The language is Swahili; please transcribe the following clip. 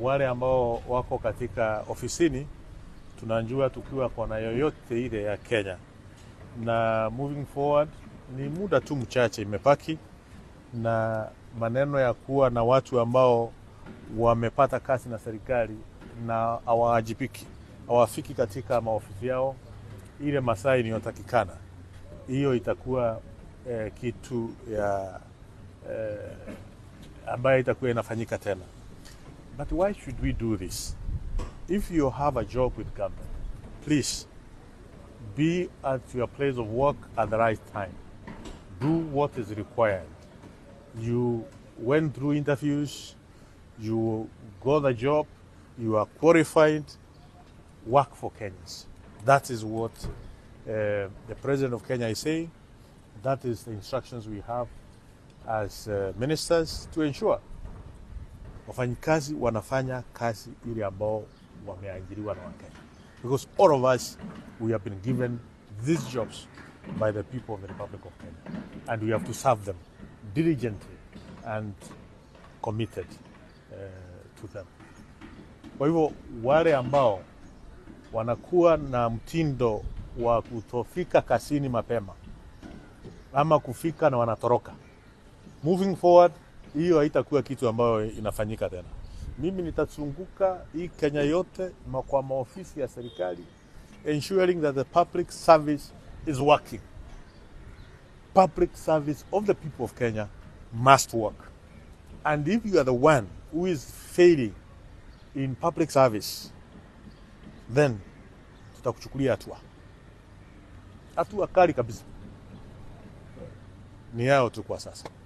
wale ambao wako katika ofisini tunajua tukiwa kona yoyote ile ya Kenya na moving forward, ni muda tu mchache imepaki na maneno ya kuwa na watu ambao wamepata kazi na serikali na hawawajibiki hawafiki katika maofisi yao ile masaa inayotakikana, hiyo itakuwa eh, kitu ya eh, ambayo itakuwa inafanyika tena. But why should we do this? If you have a job with government, please be at your place of work at the right time. Do what is required. You went through interviews, you got a job, you are qualified, work for Kenyans. That is what uh, the President of Kenya is saying. That is the instructions we have as uh, ministers to ensure wafanyikazi wanafanya kazi ile ambao wameajiriwa na Wakenya, because all of us we have been given these jobs by the people of the Republic of Kenya and we have to serve them diligently and committed uh, to them. Kwa hivyo wale ambao wanakuwa na mtindo wa kutofika kazini mapema ama kufika na wanatoroka, moving forward hiyo haitakuwa kitu ambayo inafanyika tena. Mimi nitazunguka hii Kenya yote kwa maofisi ya serikali ensuring that the public service is working. Public service of the people of Kenya must work. And if you are the one who is failing in public service, then tutakuchukulia hatua hatua kali kabisa. Ni yao tu kwa sasa.